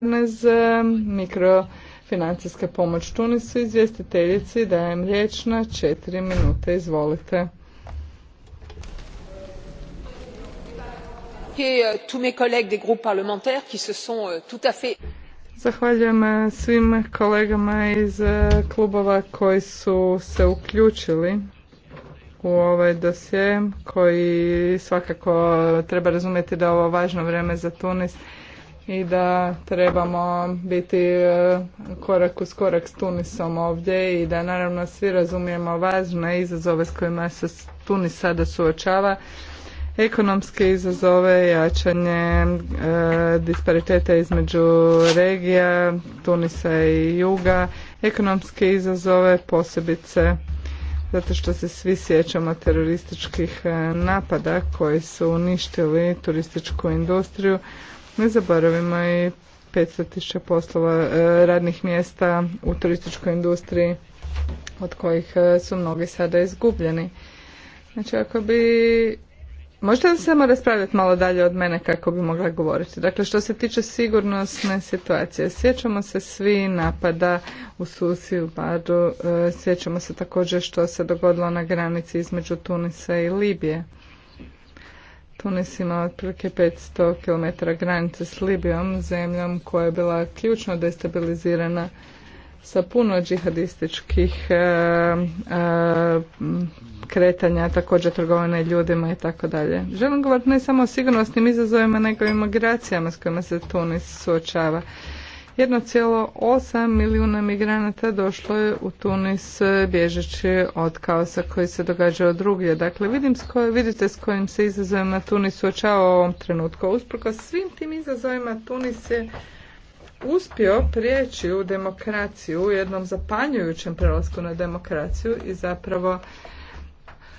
mikro e, mikrofinancijska pomoć Tunisu. Izvjestiteljici dajem riječ na četiri minute. Izvolite. Zahvaljujem e, svim kolegama iz e, klubova koji su se uključili u ovaj dosje koji svakako treba razumjeti da je ovo važno vrijeme za Tunis i da trebamo biti e, korak uz korak s Tunisom ovdje i da naravno svi razumijemo važne izazove s kojima se Tunis sada suočava ekonomske izazove, jačanje e, dispariteta između regija, Tunisa i Juga, ekonomske izazove posebice zato što se svi sjećamo terorističkih e, napada koji su uništili turističku industriju, ne zaboravimo i 500.000 poslova e, radnih mjesta u turističkoj industriji od kojih e, su mnogi sada izgubljeni. Znači ako bi Možete li samo raspravljati malo dalje od mene kako bi mogla govoriti? Dakle, što se tiče sigurnosne situacije, sjećamo se svi napada u Susi, u Badu, e, sjećamo se također što se dogodilo na granici između Tunisa i Libije. Tunis ima otprilike 500 km granice s Libijom, zemljom koja je bila ključno destabilizirana sa puno džihadističkih e, e, kretanja, također trgovine ljudima i tako dalje. Želim govoriti ne samo o sigurnosnim izazovima, nego i migracijama s kojima se Tunis suočava. 1,8 milijuna migranata došlo je u Tunis e, bježeći od kaosa koji se događa od drugdje. Dakle, vidim s vidite s kojim se izazovima Tunis suočava u ovom trenutku. Usprkos svim tim izazovima Tunis je uspio prijeći u demokraciju u jednom zapanjujućem prelasku na demokraciju i zapravo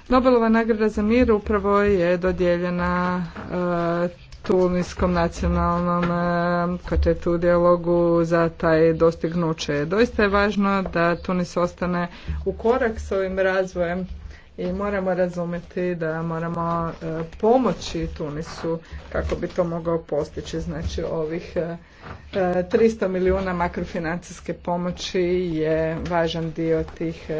Nobelova nagrada za mir upravo je dodijeljena e, tuniskom nacionalnom e, katetu u dijalogu za taj dostignuće. Doista je važno da Tunis ostane u korak s ovim razvojem i moramo razumjeti da moramo e, pomoći Tunisu kako bi to mogao postići. Znači ovih 300 e, milijuna makrofinancijske pomoći je važan dio tih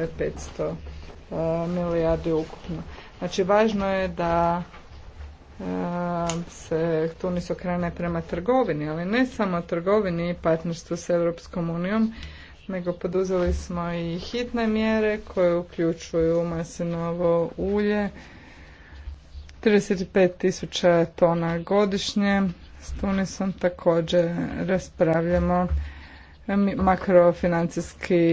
500 milijardi ukupno. Znači važno je da se Tunis okrene prema trgovini, ali ne samo trgovini i partnerstvu s Europskom unijom, nego poduzeli smo i hitne mjere koje uključuju masinovo ulje, 35 tisuća tona godišnje. S Tunisom također raspravljamo makrofinancijski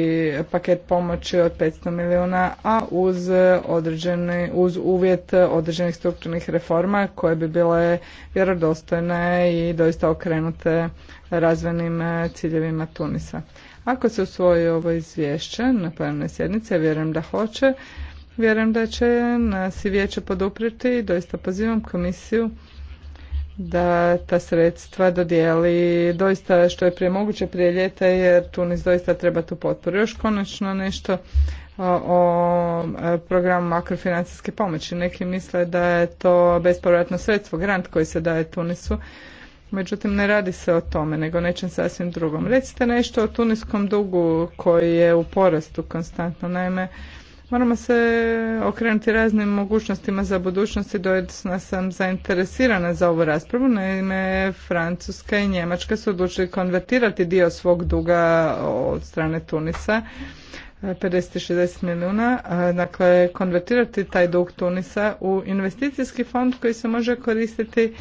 paket pomoći od 500 milijuna, a uz, e, određeni, uz uvjet određenih strukturnih reforma koje bi bile vjerodostojne i doista okrenute razvojnim e, ciljevima Tunisa. Ako se usvoji ovo izvješće na plenarnoj sjednici, ja vjerujem da hoće, vjerujem da će e, nas i vijeće poduprijeti i doista pozivam komisiju da ta sredstva dodijeli doista što je prije moguće prije ljeta jer Tunis doista treba tu potporu. Još konačno nešto o e, programu makrofinancijske pomoći. Neki misle da je to bespovratno sredstvo, grant koji se daje Tunisu. Međutim, ne radi se o tome, nego nečem sasvim drugom. Recite nešto o tuniskom dugu koji je u porastu konstantno. Naime, Moramo se okrenuti raznim mogućnostima za budućnost i dojedno sam zainteresirana za ovu raspravu. Naime, Francuska i Njemačka su odlučili konvertirati dio svog duga od strane Tunisa, 50-60 e, milijuna, e, dakle konvertirati taj dug Tunisa u investicijski fond koji se može koristiti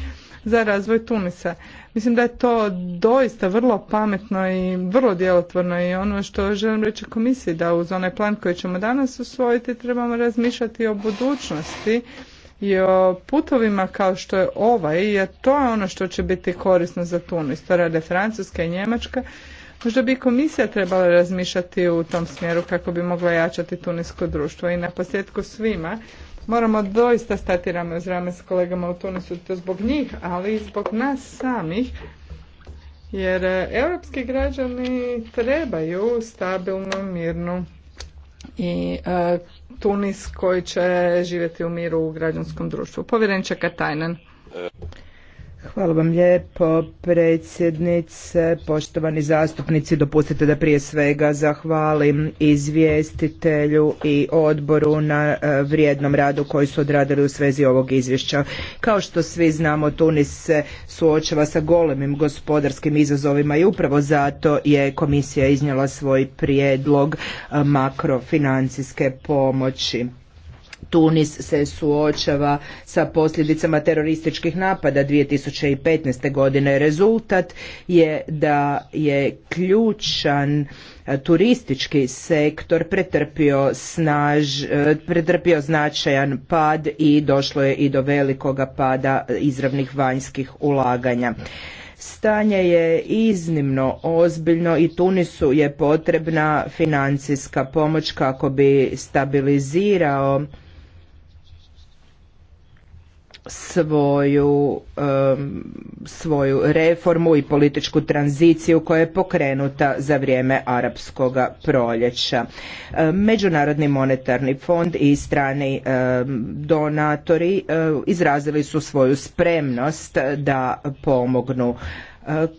za razvoj Tunisa. Mislim da je to doista vrlo pametno i vrlo djelotvorno i ono što želim reći komisiji da uz onaj plan koji ćemo danas usvojiti trebamo razmišljati o budućnosti i o putovima kao što je ovaj jer to je ono što će biti korisno za Tunis. To rade Francuska i Njemačka. Možda bi komisija trebala razmišljati u tom smjeru kako bi mogla jačati tunisko društvo i na posljedku svima moramo doista stati rame uz rame s kolegama u Tunisu, to zbog njih, ali i zbog nas samih, jer e, europski građani trebaju stabilnu, mirnu i e, Tunis koji će živjeti u miru u građanskom društvu. Povjerenče Kajnen. Hvala vam lijepo, predsjednice, poštovani zastupnici. Dopustite da prije svega zahvalim izvjestitelju i odboru na e, vrijednom radu koji su odradili u svezi ovog izvješća. Kao što svi znamo, Tunis se suočava sa golemim gospodarskim izazovima i upravo zato je komisija iznijela svoj prijedlog e, makrofinancijske pomoći. Tunis se suočava sa posljedicama terorističkih napada 2015. godine. Rezultat je da je ključan e, turistički sektor pretrpio, snaž, e, pretrpio značajan pad i došlo je i do velikoga pada izravnih vanjskih ulaganja. Stanje je iznimno ozbiljno i Tunisu je potrebna financijska pomoć kako bi stabilizirao svoju, svoju reformu i političku tranziciju koja je pokrenuta za vrijeme arapskog proljeća. Međunarodni monetarni fond i strani donatori izrazili su svoju spremnost da pomognu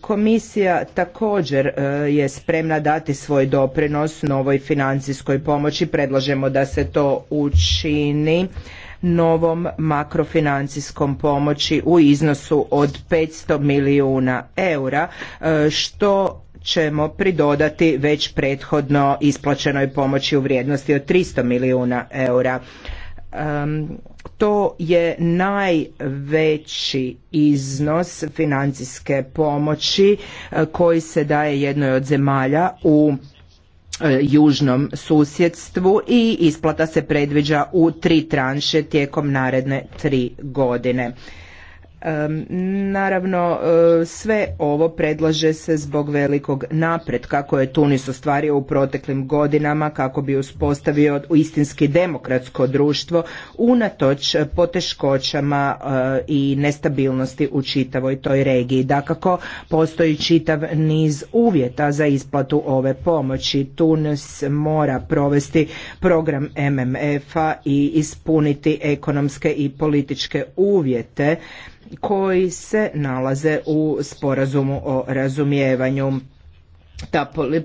Komisija također je spremna dati svoj doprinos novoj financijskoj pomoći. Predlažemo da se to učini novom makrofinancijskom pomoći u iznosu od 500 milijuna eura e, što ćemo pridodati već prethodno isplaćenoj pomoći u vrijednosti od 300 milijuna eura. to je najveći iznos financijske pomoći e, koji se daje jednoj od zemalja u E, južnom susjedstvu i isplata se predviđa u tri tranše tijekom naredne tri godine. Naravno, e, sve ovo predlaže se zbog velikog napretka koje je Tunis ostvario u proteklim godinama kako bi uspostavio istinski demokratsko društvo unatoč poteškoćama e, i nestabilnosti u čitavoj toj regiji. Dakako, postoji čitav niz uvjeta za isplatu ove pomoći. Tunis mora provesti program MMF-a i ispuniti ekonomske i političke uvjete koji se nalaze u sporazumu o razumijevanju.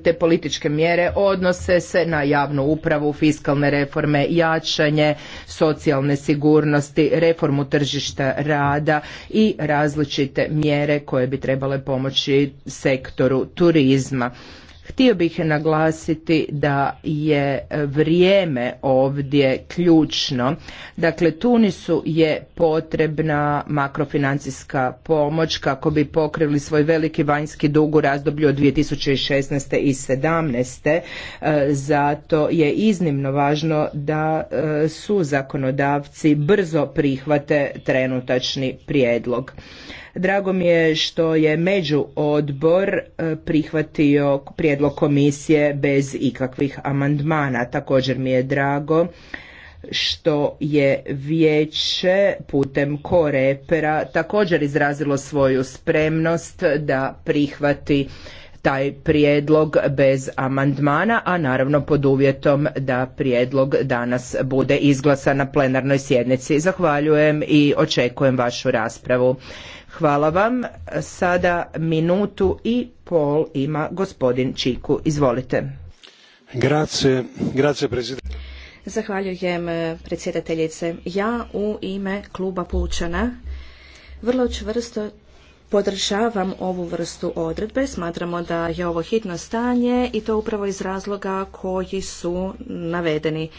Te političke mjere odnose se na javnu upravu, fiskalne reforme, jačanje socijalne sigurnosti, reformu tržišta rada i različite mjere koje bi trebale pomoći sektoru turizma. Htio bih naglasiti da je vrijeme ovdje ključno. Dakle, Tunisu je potrebna makrofinancijska pomoć kako bi pokrili svoj veliki vanjski dug u razdoblju od 2016. i 2017. E, zato je iznimno važno da e, su zakonodavci brzo prihvate trenutačni prijedlog. Drago mi je što je među odbor e, prihvatio prijedlog komisije bez ikakvih amandmana. Također mi je drago što je vijeće putem korepera također izrazilo svoju spremnost da prihvati taj prijedlog bez amandmana, a naravno pod uvjetom da prijedlog danas bude izglasan na plenarnoj sjednici. Zahvaljujem i očekujem vašu raspravu. Hvala vam. Sada minutu i pol ima gospodin Čiku. Izvolite. Grazie, grazie Zahvaljujem eh, predsjedateljice. Ja u ime kluba Pučana vrlo čvrsto podržavam ovu vrstu odredbe. Smatramo da je ovo hitno stanje i to upravo iz razloga koji su navedeni.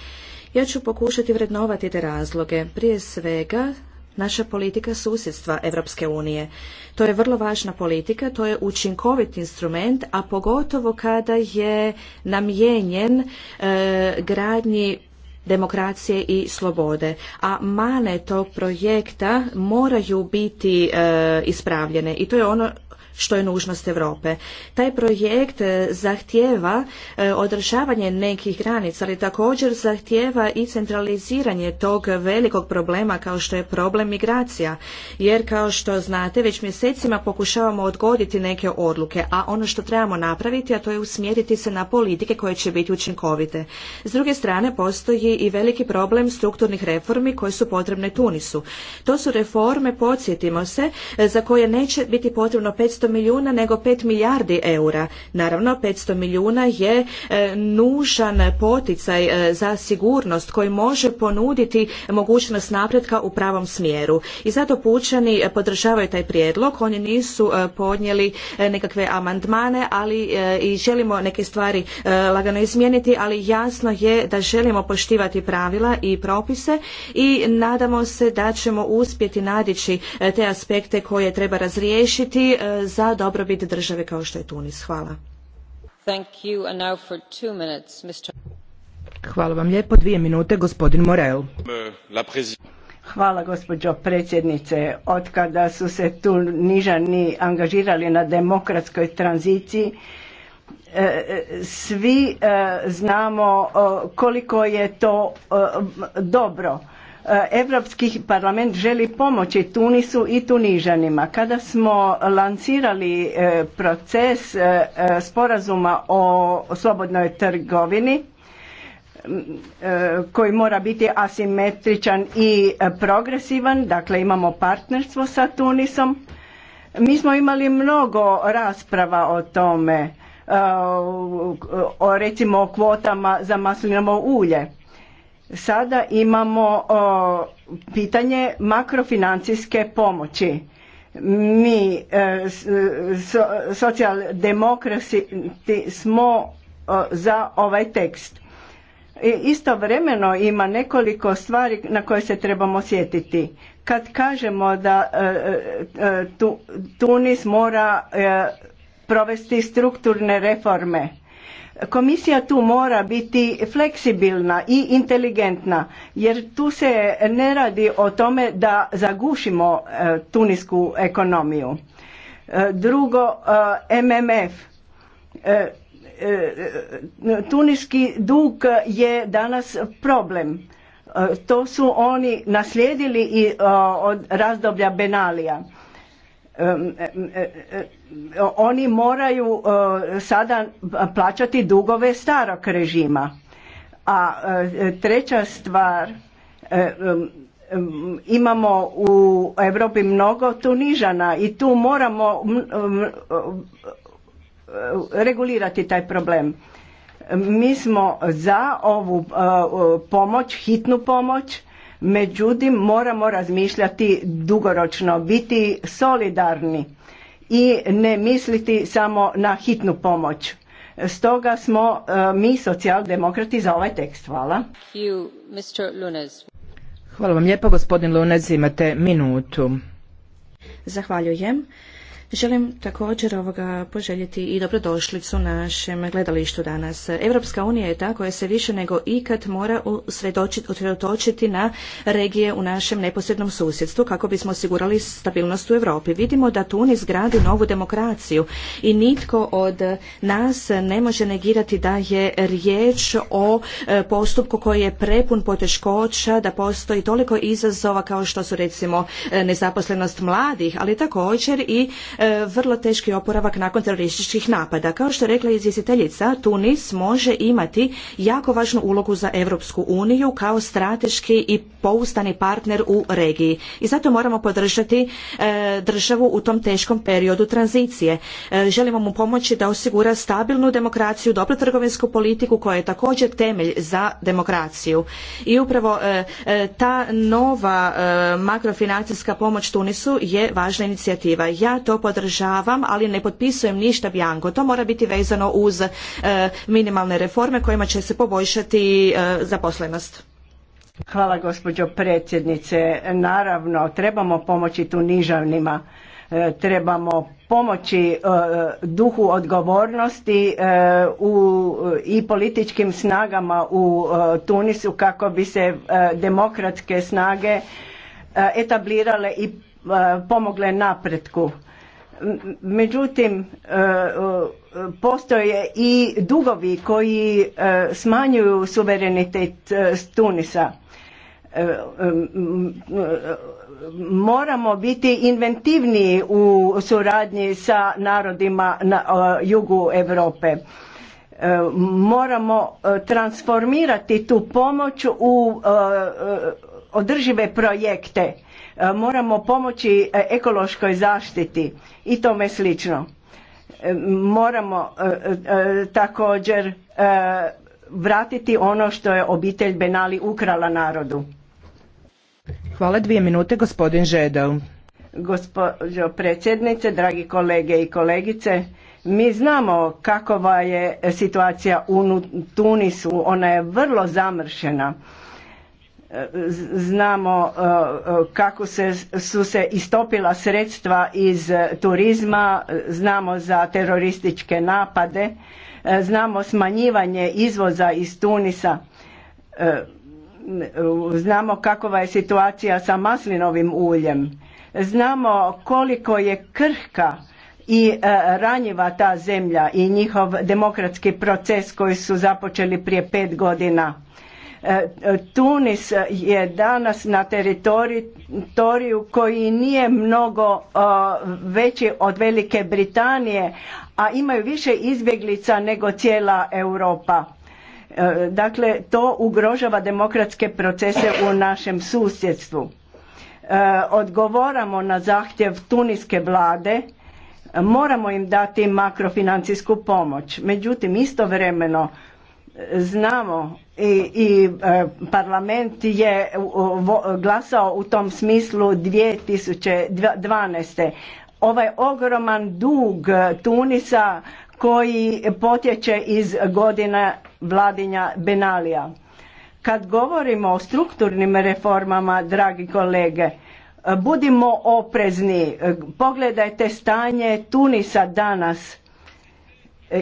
Ja ću pokušati vrednovati te razloge. Prije svega naša politika susjedstva Europske unije. To je vrlo važna politika, to je učinkovit instrument, a pogotovo kada je namijenjen e, gradnji demokracije i slobode. A mane tog projekta moraju biti e, ispravljene i to je ono što je nužnost Europe. Taj projekt e, zahtjeva e, održavanje nekih granica, ali također zahtjeva i centraliziranje tog velikog problema kao što je problem migracija. Jer kao što znate, već mjesecima pokušavamo odgoditi neke odluke, a ono što trebamo napraviti, a to je usmjeriti se na politike koje će biti učinkovite. S druge strane, postoji i veliki problem strukturnih reformi koje su potrebne Tunisu. To su reforme, podsjetimo se, e, za koje neće biti potrebno 500 500 milijuna nego 5 milijardi eura. Naravno, 500 milijuna je e, nužan poticaj e, za sigurnost koji može ponuditi mogućnost napretka u pravom smjeru. I zato pučani podržavaju taj prijedlog. Oni nisu e, podnijeli nekakve amandmane, ali i želimo neke stvari lagano izmijeniti, ali jasno je da želimo poštivati pravila i propise i nadamo se da ćemo uspjeti nadići te aspekte koje treba razriješiti za dobrobit države kao što je Tunis. Hvala. Hvala vam lijepo. Dvije minute, gospodin Morel. Hvala gospođo predsjednice. Od kada su se tu nižani angažirali na demokratskoj tranziciji, e, e, svi e, znamo koliko je to dobro Europski parlament želi pomoći Tunisu i Tunižanima. Kada smo lancirali e, proces e, e, sporazuma o slobodnoj trgovini, koji mora biti asimetričan i progresivan, dakle imamo partnerstvo sa Tunisom. Mi smo imali mnogo rasprava o tome, o recimo o kvotama za maslinovo ulje Sada imamo pitanje makrofinancijske pomoći. Mi e, socijaldemokrati smo za ovaj tekst. E, istovremeno ima nekoliko stvari na koje se trebamo sjetiti. Kad kažemo da e, Tunis mora provesti strukturne reforme Komisija tu mora biti fleksibilna i inteligentna jer tu se ne radi o tome da zagušimo e, tunisku ekonomiju. E, drugo, e, MMF. Tuniški dug je danas problem. To su oni naslijedili i od razdoblja Benalija E, e, oni moraju e, sada plaćati dugove starog režima. A treća stvar, imamo u Europi mnogo Tunižana i tu moramo regulirati taj problem. Mi smo za ovu pomoć, hitnu pomoć, Međutim, moramo razmišljati dugoročno, biti solidarni i ne misliti samo na hitnu pomoć. Stoga smo e, mi socijaldemokrati za ovaj tekst. Hvala. Hvala vam lijepo, gospodin Lunez, imate minutu. Zahvaljujem. Želim također ovoga poželjeti i dobrodošlicu našem gledalištu danas. Europska unija je ta koja se više nego ikad mora usredotočiti na regije u našem neposrednom susjedstvu kako bismo osigurali stabilnost u Europi. Vidimo da Tunis gradi novu demokraciju i nitko od nas ne može negirati da je riječ o e, postupku koji je prepun poteškoća, da postoji toliko izazova kao što su recimo e, nezaposlenost mladih, ali također i e, E, vrlo teški oporavak nakon terorističkih napada. Kao što je rekla izvjestiteljica, Tunis može imati jako važnu ulogu za Europsku uniju kao strateški i poustani partner u regiji. I zato moramo podržati e, državu u tom teškom periodu tranzicije. E, želimo mu pomoći da osigura stabilnu demokraciju, dobru trgovinsku politiku koja je također temelj za demokraciju. I upravo ta nova makrofinancijska pomoć Tunisu je važna inicijativa. Ja to podržavam, ali ne potpisujem ništa bjanko. To mora biti vezano uz eh, minimalne reforme kojima će se poboljšati eh, zaposlenost. Hvala gospođo predsjednice. Naravno, trebamo pomoći tu nižavnima. Eh, trebamo pomoći duhu odgovornosti u, i političkim snagama u Tunisu kako bi se demokratske snage etablirale i pomogle napretku Međutim, e, postoje i dugovi koji e, smanjuju suverenitet e, Tunisa. Moramo biti inventivniji u suradnji sa narodima na jugu Europe. Moramo transformirati tu pomoć u održive projekte E, moramo pomoći e, ekološkoj zaštiti i tome slično. E, moramo također vratiti ono što je obitelj Benali ukrala narodu. Hvala dvije minute gospodin Žedel. Gospođo predsjednice, dragi kolege i kolegice, mi znamo kakova je situacija u Tunisu, ona je vrlo zamršena znamo e, kako se, su se istopila sredstva iz turizma, znamo za terorističke napade, e, znamo smanjivanje izvoza iz Tunisa, e, znamo kakva je situacija sa maslinovim uljem, znamo koliko je krhka i ranjiva ta zemlja i njihov demokratski proces koji su započeli prije pet godina Tunis je danas na teritoriju koji nije mnogo veći od Velike Britanije, a imaju više izbjeglica nego cijela Europa. E, dakle, to ugrožava demokratske procese u našem susjedstvu. E, odgovoramo na zahtjev tuniske vlade, moramo im dati makrofinancijsku pomoć. Međutim, istovremeno znamo i, e, parlament je glasao u tom smislu 2012. Ovaj ogroman dug Tunisa koji potječe iz godina vladinja Benalija. Kad govorimo o strukturnim reformama, dragi kolege, budimo oprezni, pogledajte stanje Tunisa danas,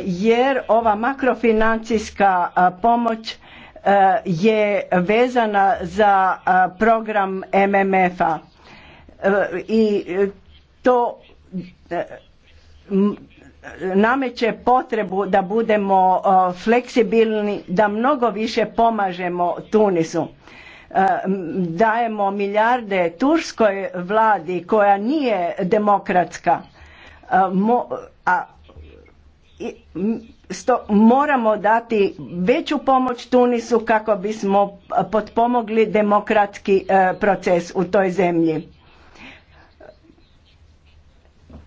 jer ova makrofinancijska pomoć Eh, je vezana za eh, program MMF-a eh, i to nameće potrebu da budemo fleksibilni, da mnogo više pomažemo Tunisu. Dajemo milijarde turskoj vladi koja nije demokratska. A Sto, moramo dati veću pomoć Tunisu kako bismo potpomogli demokratski e, proces u toj zemlji.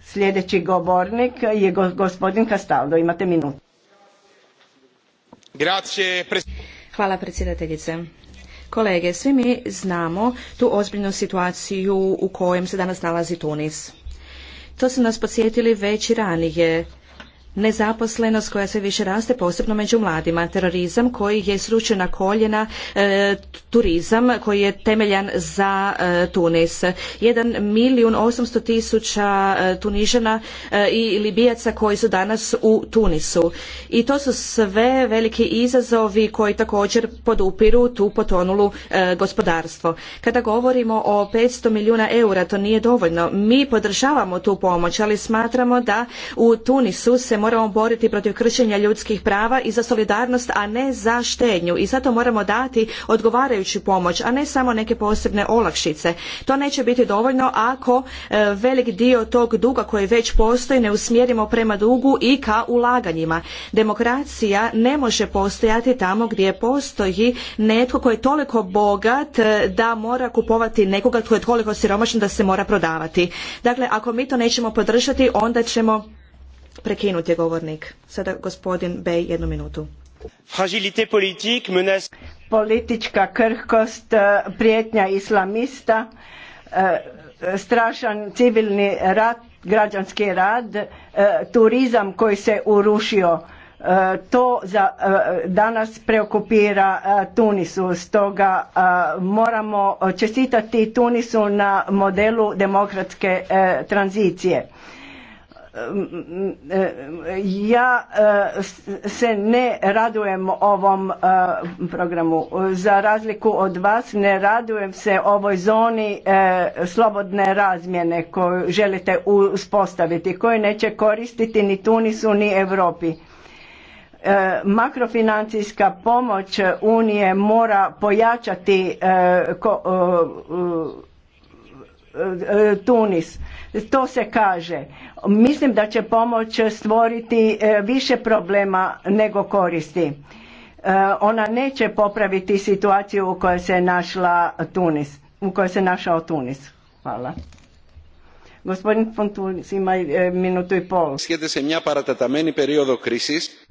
Sljedeći govornik je gospodin Castaldo. Imate minutu. Hvala predsjedateljice. Kolege, svi mi znamo tu ozbiljnu situaciju u kojem se danas nalazi Tunis. To su nas podsjetili već i ranije nezaposlenost koja sve više raste, posebno među mladima, terorizam koji je sručen na koljena, e, turizam koji je temeljan za e, Tunis. Jedan milijun osamsto tisuća e, Tunižana i Libijaca koji su danas u Tunisu. I to su sve veliki izazovi koji također podupiru tu potonulu gospodarstvo. Kada govorimo o 500 milijuna eura, to nije dovoljno. Mi podržavamo tu pomoć, ali smatramo da u Tunisu se moramo boriti protiv kršenja ljudskih prava i za solidarnost, a ne za štednju. I zato moramo dati odgovarajuću pomoć, a ne samo neke posebne olakšice. To neće biti dovoljno ako e, velik dio tog duga koji već postoji ne usmjerimo prema dugu i ka ulaganjima. Demokracija ne može postojati tamo gdje postoji netko koji je toliko bogat e, da mora kupovati nekoga tko je toliko siromašan da se mora prodavati. Dakle, ako mi to nećemo podržati, onda ćemo Prekinut je govornik. Sada gospodin Bej jednu minutu. Politička krhkost, e, prijetnja islamista, e, strašan civilni rat, građanski rad, e, turizam koji se urušio, to za, danas preokupira Tunisu. Stoga moramo čestitati Tunisu na modelu demokratske tranzicije ja e, se ne radujem ovom e, programu. Za razliku od vas ne radujem se ovoj zoni e, slobodne razmjene koju želite uspostaviti, koju neće koristiti ni Tunisu ni Europi. Makrofinancijska pomoć Unije mora pojačati E, e, Tunis. To se kaže. Mislim da će pomoć stvoriti e, više problema nego koristi. Ona neće popraviti situaciju u kojoj se našla Tunis, u kojoj se našao Tunis. Hvala. Gospodin Fontunis ima minutu i pol. se periodo krisis.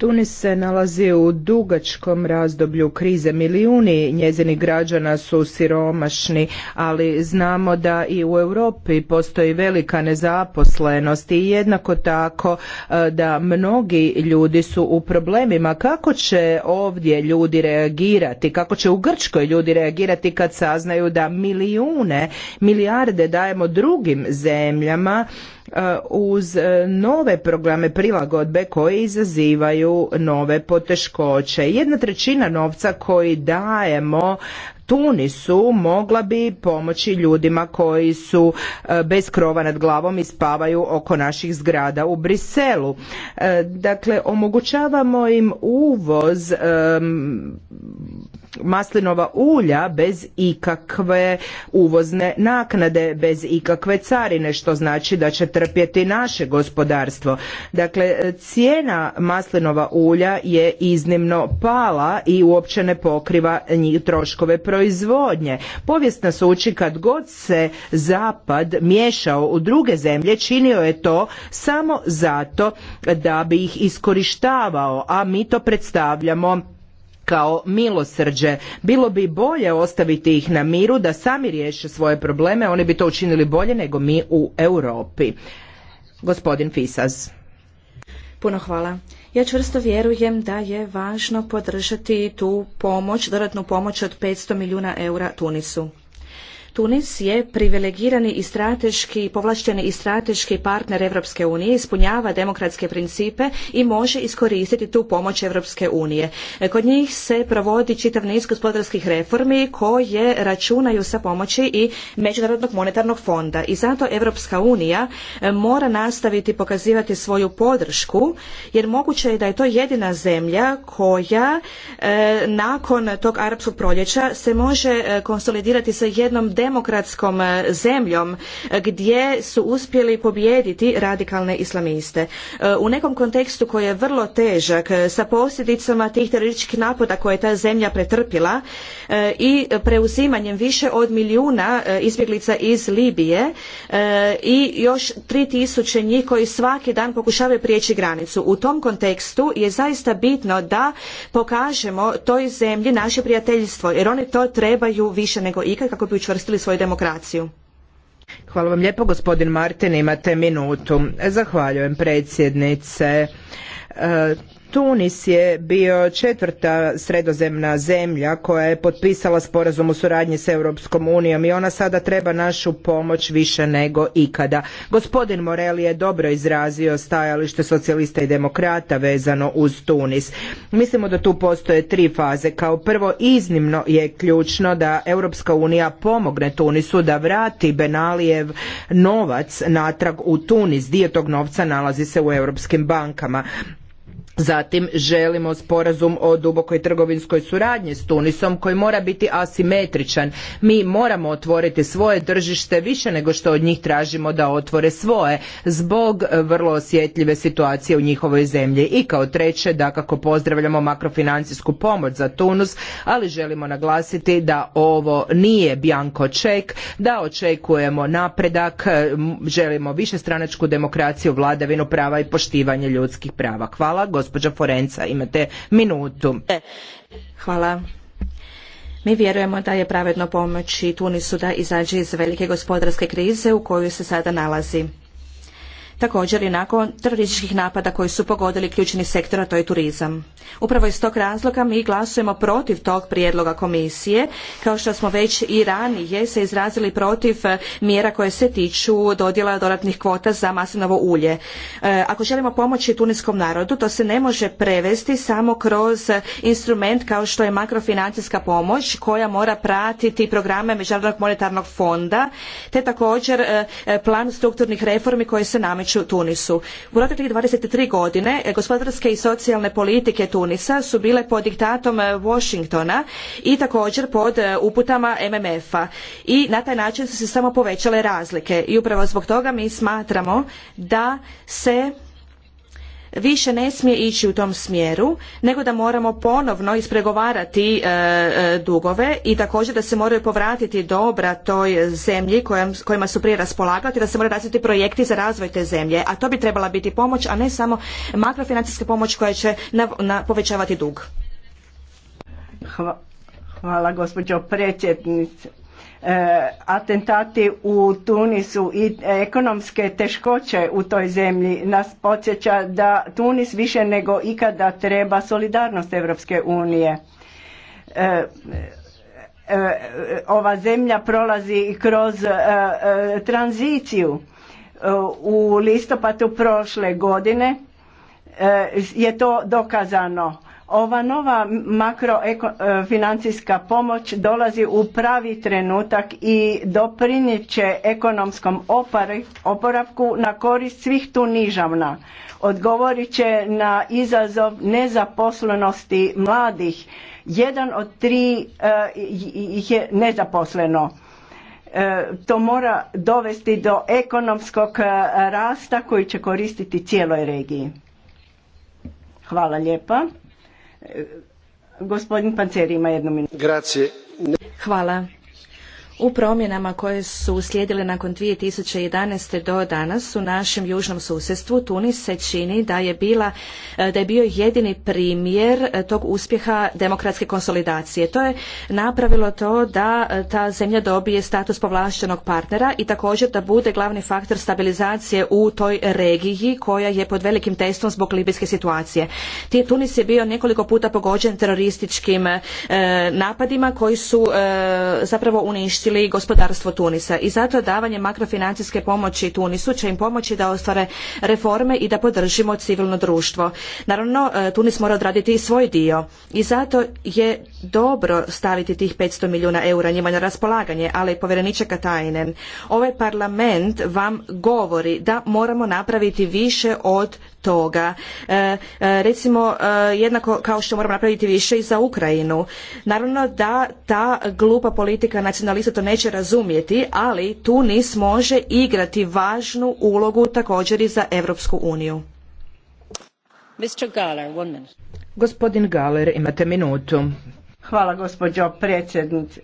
Tunis se nalazi u dugačkom razdoblju krize. Milijuni njezinih građana su siromašni, ali znamo da i u Europi postoji velika nezaposlenost i jednako tako e, da mnogi ljudi su u problemima. Kako će ovdje ljudi reagirati? Kako će u Grčkoj ljudi reagirati kad saznaju da milijune, milijarde dajemo drugim zemljama E, uz e, nove programe prilagodbe koje izazivaju nove poteškoće. Jedna trećina novca koji dajemo Tunisu mogla bi pomoći ljudima koji su e, bez krova nad glavom i spavaju oko naših zgrada u Briselu. Dakle, omogućavamo im uvoz maslinova ulja bez ikakve uvozne naknade, bez ikakve carine, što znači da će trpjeti naše gospodarstvo. Dakle, cijena maslinova ulja je iznimno pala i uopće ne pokriva njih troškove proizvodnje. Povijest nas uči kad god se zapad miješao u druge zemlje, činio je to samo zato da bi ih iskorištavao, a mi to predstavljamo kao milosrđe. Bilo bi bolje ostaviti ih na miru da sami riješe svoje probleme, oni bi to učinili bolje nego mi u Europi. Gospodin Fisas. Puno hvala. Ja čvrsto vjerujem da je važno podržati tu pomoć, dodatnu pomoć od 500 milijuna eura Tunisu. Tunis je privilegirani i strateški, povlašteni i strateški partner Europske unije, ispunjava demokratske principe i može iskoristiti tu pomoć Europske unije. Kod njih se provodi čitav niz gospodarskih reformi koje računaju sa pomoći i Međunarodnog monetarnog fonda i zato Europska unija e, mora nastaviti pokazivati svoju podršku jer moguće je da je to jedina zemlja koja e, nakon tog arapskog proljeća se može e, konsolidirati sa jednom demokratskom e, zemljom e, gdje su uspjeli pobijediti radikalne islamiste. E, u nekom kontekstu koji je vrlo težak sa posljedicama tih terorističkih napada koje je ta zemlja pretrpjela i preuzimanjem više od milijuna izbjeglica iz Libije i još tri tisuće njih koji svaki dan pokušavaju prijeći granicu. U tom kontekstu je zaista bitno da pokažemo toj zemlji naše prijateljstvo jer oni to trebaju više nego ikad kako bi učvrstili zaštitili svoju demokraciju. Hvala vam lijepo, gospodin Martin, imate minutu. Zahvaljujem predsjednice. E, Tunis je bio četvrta sredozemna zemlja koja je potpisala sporazum o suradnji s Europskom unijom i ona sada treba našu pomoć više nego ikada. Gospodin moreli je dobro izrazio stajalište socijalista i demokrata vezano uz Tunis. Mislimo da tu postoje tri faze. Kao prvo iznimno je ključno da Europska unija pomogne Tunisu da vrati Benalijev novac natrag u Tunis. Dio tog novca nalazi se u europskim bankama. Zatim želimo sporazum o dubokoj trgovinskoj suradnji s Tunisom koji mora biti asimetričan. Mi moramo otvoriti svoje tržište više nego što od njih tražimo da otvore svoje zbog e, vrlo osjetljive situacije u njihovoj zemlji. I kao treće, da kako pozdravljamo makrofinancijsku pomoć za Tunus, ali želimo naglasiti da ovo nije bjanko ček, da očekujemo napredak, e, želimo više stranačku demokraciju, vladavinu prava i poštivanje ljudskih prava. Hvala, Gospođa Forenca, imate minutu. Hvala. Mi vjerujemo da je pravedno pomoći Tunisu da izađe iz velike gospodarske krize u kojoj se sada nalazi također i nakon terorističkih napada koji su pogodili ključni sektor, a to je turizam. Upravo iz tog razloga mi glasujemo protiv tog prijedloga komisije, kao što smo već i ranije se izrazili protiv e, mjera koje se tiču dodjela dodatnih kvota za maslinovo ulje. E, ako želimo pomoći tuniskom narodu, to se ne može prevesti samo kroz instrument kao što je makrofinancijska pomoć koja mora pratiti programe Međunarodnog monetarnog fonda te također e, plan strukturnih reformi koje se nameću u Tunisu. U proteklih 23 godine e, gospodarske i socijalne politike Tunisa su bile pod diktatom e, Washingtona i također pod e, uputama MMF-a i na taj način su se samo povećale razlike i upravo zbog toga mi smatramo da se više ne smije ići u tom smjeru nego da moramo ponovno ispregovarati e, e, dugove i također da se moraju povratiti dobra toj zemlji kojom, kojima su prije raspolagati da se moraju razviti projekti za razvoj te zemlje a to bi trebala biti pomoć a ne samo makrofinancijska pomoć koja će povećavati dug hvala gospođo predsjednice E, atentati u Tunisu i ekonomske teškoće u toj zemlji nas podsjeća da Tunis više nego ikada treba solidarnost Europske unije. E, e, ova zemlja prolazi kroz tranziciju. U listopadu prošle godine je to dokazano ova nova makrofinancijska pomoć dolazi u pravi trenutak i doprinit će ekonomskom oporavku na korist svih tu nižavna. Odgovorit će na izazov nezaposlenosti mladih. Jedan od tri eh, ih je nezaposleno. Eh, to mora dovesti do ekonomskog eh, rasta koji će koristiti cijeloj regiji. Hvala lijepa. Gospodin Panceri ima jednu minutu. Hvala u promjenama koje su uslijedile nakon 2011. do danas u našem južnom susjedstvu Tunis se čini da je, bila, e, da je bio jedini primjer e, tog uspjeha demokratske konsolidacije. To je napravilo to da e, ta zemlja dobije status povlaštenog partnera i također da bude glavni faktor stabilizacije u toj regiji koja je pod velikim testom zbog libijske situacije. Tunis je bio nekoliko puta pogođen terorističkim napadima koji su zapravo uništili li gospodarstvo Tunisa i zato davanje makrofinancijske pomoći Tunisu će im pomoći da ostvare reforme i da podržimo civilno društvo. Naravno, e, Tunis mora odraditi i svoj dio i zato je dobro staviti tih 500 milijuna eura njima na raspolaganje, ali povjereniče tajnen. ovaj parlament vam govori da moramo napraviti više od toga. E, e, recimo, e, jednako kao što moramo napraviti više i za Ukrajinu. Naravno da ta glupa politika nacionalista to neće razumjeti, ali Tunis može igrati važnu ulogu također i za Europsku uniju. Gospodin Galer, imate minutu. Hvala gospođo predsjednice.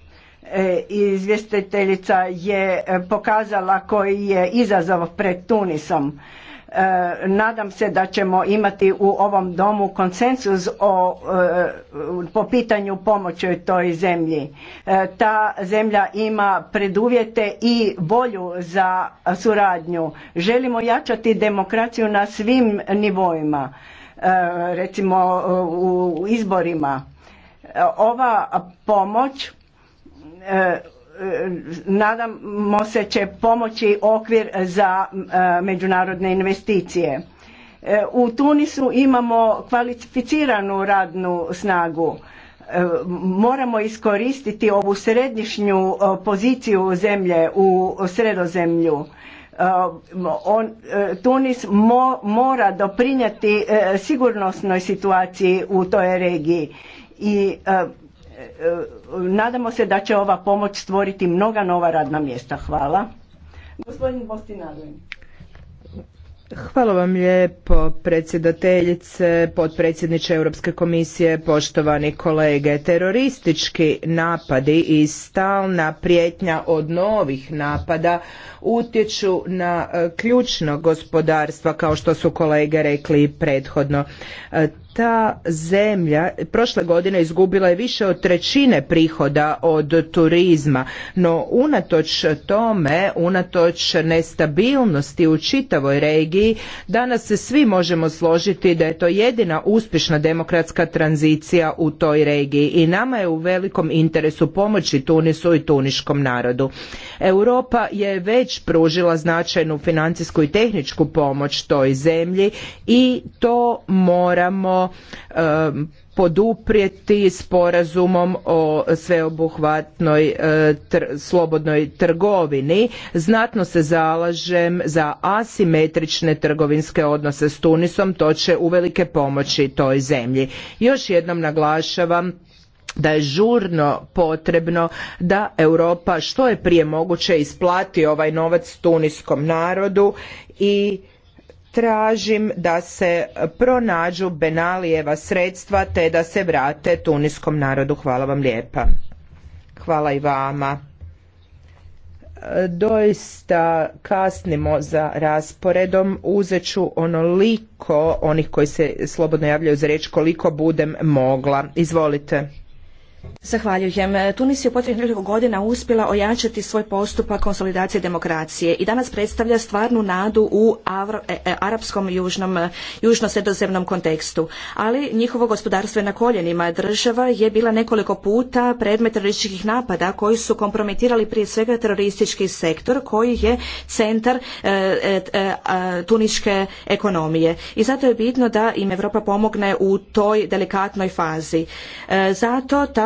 E, izvjestiteljica je e, pokazala koji je izazov pred Tunisom. E, nadam se da ćemo imati u ovom domu konsensus o, po pitanju pomoći toj zemlji. Ta zemlja ima preduvjete i volju za suradnju. Želimo jačati demokraciju na svim nivoima, recimo u izborima ova pomoć e, e, nadamo se će pomoći okvir za e, međunarodne investicije. U Tunisu imamo kvalificiranu radnu snagu. Moramo iskoristiti ovu središnju poziciju zemlje u sredozemlju. Tunis mora doprinijeti sigurnosnoj situaciji u toj regiji i e, e, nadamo se da će ova pomoć stvoriti mnoga nova radna mjesta. Hvala. Gospodin Bostinadlin. Hvala vam lijepo, predsjedateljice, potpredsjedniče Europske komisije, poštovani kolege. Teroristički napadi i stalna prijetnja od novih napada utječu na e, ključno gospodarstva, kao što su kolege rekli prethodno ta zemlja prošle godine izgubila je više od trećine prihoda od turizma, no unatoč tome, unatoč nestabilnosti u čitavoj regiji, danas se svi možemo složiti da je to jedina uspješna demokratska tranzicija u toj regiji i nama je u velikom interesu pomoći Tunisu i tuniškom narodu. Europa je već pružila značajnu financijsku i tehničku pomoć toj zemlji i to moramo Um, poduprijeti sporazumom o sveobuhvatnoj uh, slobodnoj trgovini. Znatno se zalažem za asimetrične trgovinske odnose s Tunisom, to će uvelike pomoći toj zemlji. Još jednom naglašavam da je žurno potrebno da Europa što je prije moguće isplati ovaj novac tuniskom narodu i tražim da se pronađu Benalijeva sredstva te da se vrate tuniskom narodu. Hvala vam lijepa. Hvala i vama. E, doista kasnimo za rasporedom. Uzet ću onoliko onih koji se slobodno javljaju za riječ koliko budem mogla. Izvolite. Zahvaljujem. E, Tunis je u posljednjih nekoliko godina uspjela ojačati svoj postupak konsolidacije demokracije i danas predstavlja stvarnu nadu u e, e, arapskom južno-sredozemnom kontekstu. Ali njihovo gospodarstvo je na koljenima. Država je bila nekoliko puta predmet terorističkih napada koji su kompromitirali prije svega teroristički sektor koji je centar e, ekonomije. I zato je bitno da im Europa pomogne u toj delikatnoj fazi. Zato ta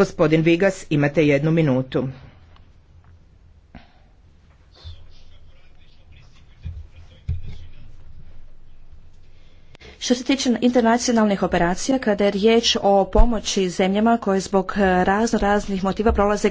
Gospodin Vigas, imate jednu minutu. Što se tiče internacionalnih operacija, kada je riječ o pomoći zemljama koje zbog razno raznih motiva prolaze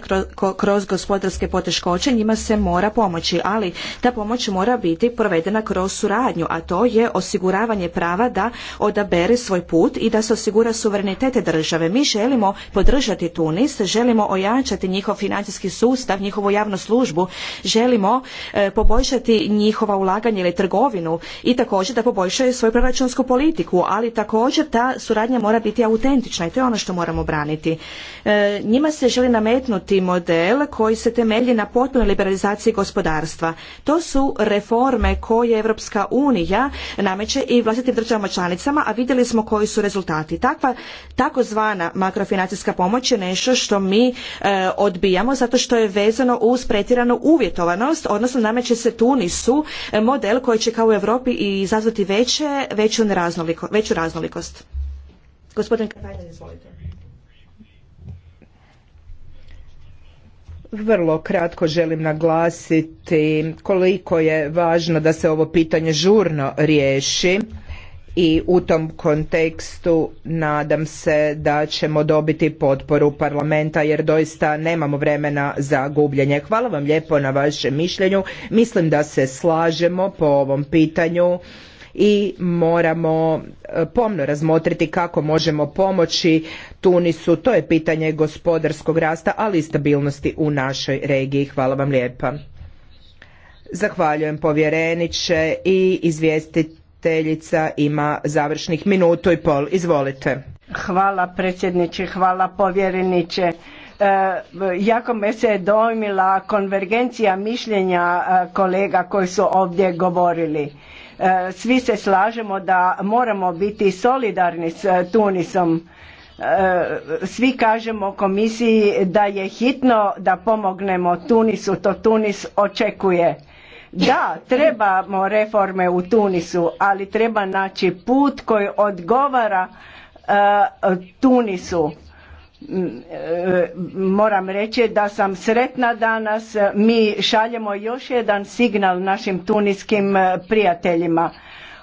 kroz, gospodarske poteškoće, njima se mora pomoći, ali ta pomoć mora biti provedena kroz suradnju, a to je osiguravanje prava da odabere svoj put i da se osigura suverenitet države. Mi želimo podržati Tunis, želimo ojačati njihov financijski sustav, njihovu javnu službu, želimo e, poboljšati njihova ulaganja ili trgovinu i također da poboljšaju svoju proračunsku politiku, ali također ta suradnja mora biti autentična i to je ono što moramo braniti. E, njima se želi nametnuti model koji se temelji na potpunoj liberalizaciji gospodarstva. To su reforme koje Europska unija nameće i vlastitim državama članicama, a vidjeli smo koji su rezultati. Takva takozvana makrofinancijska pomoć je nešto što mi e, odbijamo zato što je vezano uz pretjeranu uvjetovanost, odnosno nameće se Tunisu model koji će kao u Europi i izazvati veće, veće veću raznolikost. Gospodin izvolite. Vrlo kratko želim naglasiti koliko je važno da se ovo pitanje žurno riješi i u tom kontekstu nadam se da ćemo dobiti potporu parlamenta jer doista nemamo vremena za gubljenje. Hvala vam lijepo na vašem mišljenju. Mislim da se slažemo po ovom pitanju i moramo e, pomno razmotriti kako možemo pomoći Tunisu. To je pitanje gospodarskog rasta, ali i stabilnosti u našoj regiji. Hvala vam lijepa. Zahvaljujem povjereniče i izvjestiteljica ima završnih minutu i pol. Izvolite. Hvala predsjedniče, hvala povjereniče. E, jako me se dojmila konvergencija mišljenja e, kolega koji su ovdje govorili E, svi se slažemo da moramo biti solidarni s e, Tunisom. E, svi kažemo komisiji da je hitno da pomognemo Tunisu, to Tunis očekuje. Da, trebamo reforme u Tunisu, ali treba naći put koji odgovara Tunisu E, moram reći da sam sretna danas mi šaljemo još jedan signal našim tuniskim e, prijateljima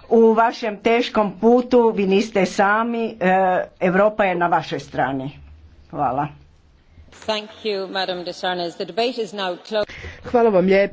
u vašem teškom putu vi niste sami e, Europa je na vašoj strani hvala Hvala vam